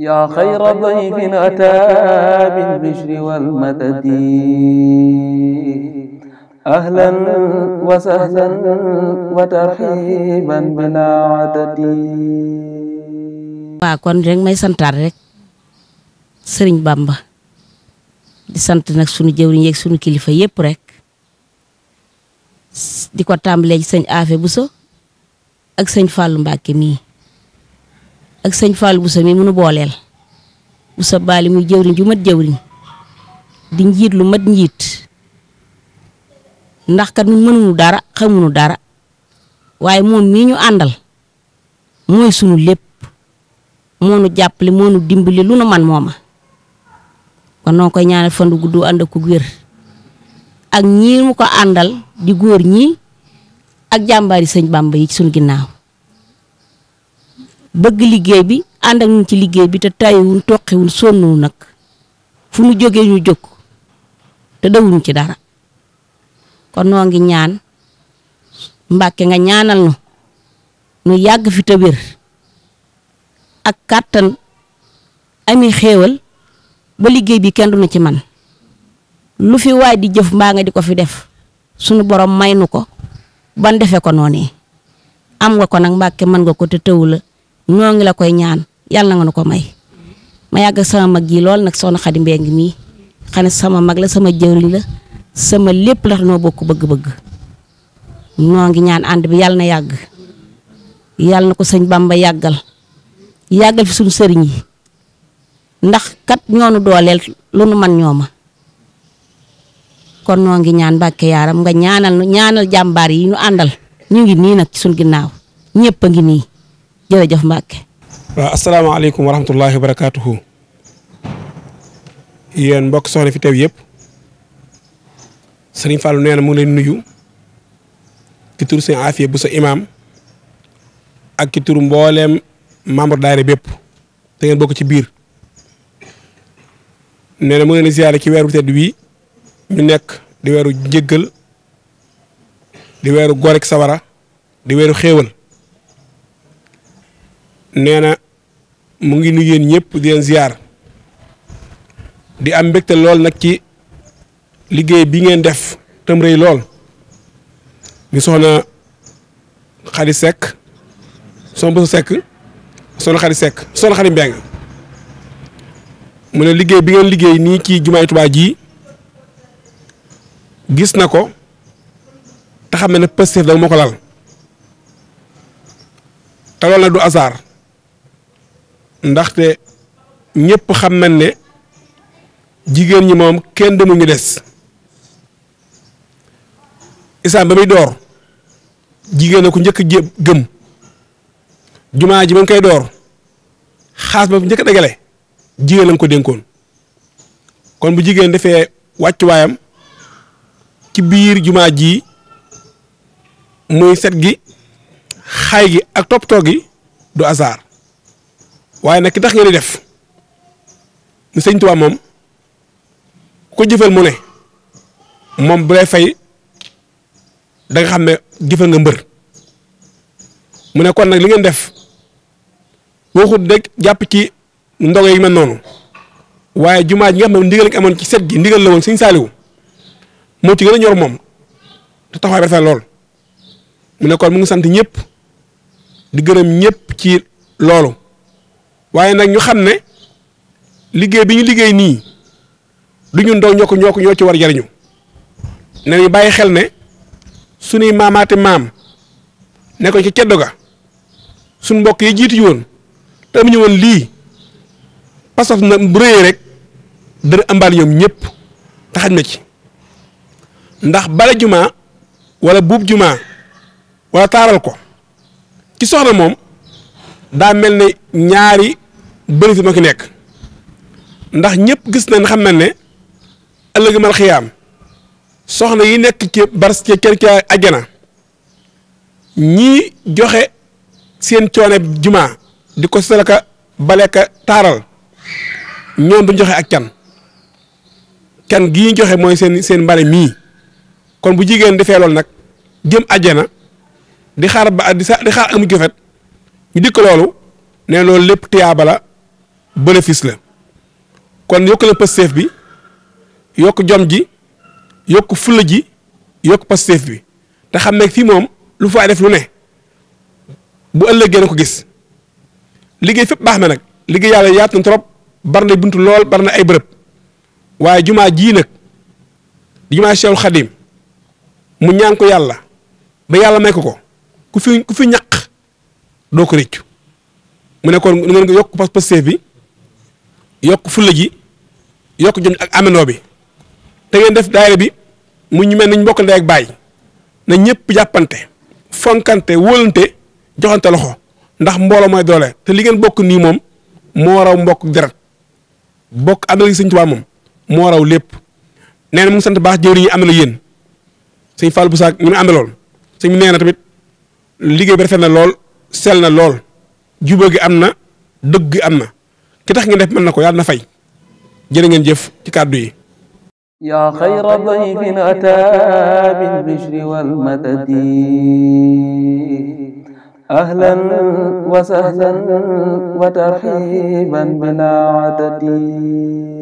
yaa xayra dayfin ataa bil bishri wal madadi ahlan wa sahlan wa tarxiiban bilaa adadi waaw kon rek may santaat rek sëriñ Bamba di sant nag sunu jëwriñ yeeg sunu kilifa yépp rek di ko tàmbalee ci sëñ Afe Buso ak sëñ Fàllu Mbàkke mii ak sëñ Fallou Boussa mi mënu booleel Boussa Bali muy jëwriñ ju mat jëwriñ di njiit lu mat njiit ndax kat ñun dara xamuñu dara waaye mo mii ñu àndal mooy sunu lépp moo nu jàppale moo nu dimbali lu nu man mooma kon noo koy ñaanal fan ku wér ak mu ko àndal di góor ñi ak jàmbaari sëñ Bàmba yi ci sunu ginnaaw. bëgg liggéey bi ànd ak ñun ci liggéey bi te tàyyiwuñ toqiwuñ sonnuwu nag fu nu jógee ñu jóg te dawuñ ci dara kon noo ngi ñaan Mbàkke nga ñaanal nu nu yàgg fi te wér ak kàttan ami xéewal ba liggéey bi kenn du na ci man lu fi di jëf mbaa nga di ko fi def sunu borom may nu ko ban defe ko noonu am nga ko nag Mbàkke mën nga ko te tëwu ñoo ngi la koy ñaan yàlla nga nu ko may ma yàgg sama mag yi lool nag soxna Xadi Mbeng ngi mii xam ne sama mag la sama jëriñ la sama lépp la noo bokk bëgg-bëgg ñoo ngi ñaan ànd bi yàlla na yàgg yàlla na ko sëñ Bamba yàggal yàggal fi suñu sëriñ yi ndax kat ñoo nu dooleel man ñoo ma kon noo ngi ñaan Mbàkke yaaram nga ñaanal ñaanal jàmbaar yi ñu àndal ñu ngi nii nag ci suñu ginnaaw ñëpp a ngi jërëjëf Mbacke. waaw asalaamaaleykum wa rahmatullahi wa barakaatuhu yéen mbokk soxna fi teew yëpp sëriñ Fallou nee na mu ngi leen nuyu ki tur seen afiya bu sa imaam ak ki tur mbooleem membre daayira bépp te ngeen bokk ci biir nee na mu ngi leen ziyaare ci weeru tedd wi ñu nekk di weeru njëggal di weeru gorek sawara di weeru xéewal nee na mu ngi nuyu yéen ñëpp di di am mbégte lool nag ci liggéey bi ngeen def tëm rëy lool mi soxna Xadi Seck soxna Bousso Seck soxna Xadi Seck soxna Xadi Mbeng mu ne liggéey bi ngeen liggéey nii ci jumaay Tuubaa ji gis na ko te xam ne ne Pastef danga moo ko lal te loolu nag du hasard ndaxte ñëpp xam nañ ne jigéen ñi moom kenn demu ñu des isaan ba muy door jigéen a ko njëkk jé gëm jumaa ji ba mu koy door xaas ba njëkk a jigéen la ko dénkoon kon bu jigéen defee wàccuwaayam ci biir jumaa ji muy set gi xaay gi ak toppatoo gi du asaar waaye nag ki tax ngeen di def mu sëñ Tuubaa moom ko jëfal mu ne moom bu lay fay danga xam ne jëfal nga mbër mu nekkoon nag li ngeen def waxut rek jàpp ci ndoge yi mel noonu waaye jumaa ji nga xam ne ndigal amoon ci set gi ndigal la woon sëñ Saaliw moo ci gën a ñor moom te taxawaay bi rafet lool mu nekkoon mu ngi sant ñëpp di gërëm ñépp ci loolu waaye nag ñu xam ne liggéey bi ñu liggéey nii du ñu ndaw ñoo ñoo ci war jariñu ne ñu bàyyi xel ne suñuy maamaati maam nekkoon ci ceddo ga suñ mbokk yi jiitu woon te amuñu woon lii pasaf na bu rëyee rek dana ëmbaal ñoom ñëpp taxaj na ci ndax bale jumaa walla buub jumaa wala taaral ko ci soxna moom daa mel ne ñaari bëri si noo ki nekk ndax ñëpp gis na nañ xam nañ ne ëllëg mal soxna yi nekk ci bar ci kër ca ajjana ñii joxe seen coone jumaa di ko salaka baleka taaral ñoom duñ joxe ak can can gii joxe mooy seen seen mbale mii kon bu jigéen defee lool nag jëm ajjana di xaar ba di sa di xaar ak mu jofet ñu dikk loolu ne loolu lépp tiyaaba bénéfice la kon yokk leen Pastef bi yokk jom ji yokk fulla ji yokk Pastef bi te xam ne fii moom lu faa def lu ne bu ëllëgee na ko gis liggéey fépp baax na nag liggéey yàlla yaatu na trop bar na buntu lool bar na ay bërëb waaye jumaa jii nag jumaa Seexul Xadim mu ñaan ko yàlla ba yàlla may ko ku fi ku fi ñaq doo ko rëccu mu ne kon ngeen ko yokk Pastef bi yokk fulla ji yokk jom ak amandoo bi te ngeen def daayira bi mu ñu mel nañ mbokk ndey ak baay na ñëpp jàppante fonkante wóolante joxante loxo ndax mbooloo mooy doole te li ngeen bokk nii moom moo raw mbokk deret bokk àndal gi sëñ moom moo raw lépp nee na mu sant baax jëwriñ yi am na yéen sëñ Fall bu saak ñu mu àndaloon sëñ bi nee na tamit liggéey bi rafet na lool sel na lool juba gi am na dëgg gi am na ki tax ngeen def mën na ko yàlla na fay jërë ngeen jëf ci kàddu yi yaa xayra dayfin ataa bil bishri wal madadi ahlan wa sahlan wa tarhiban bilaa adadi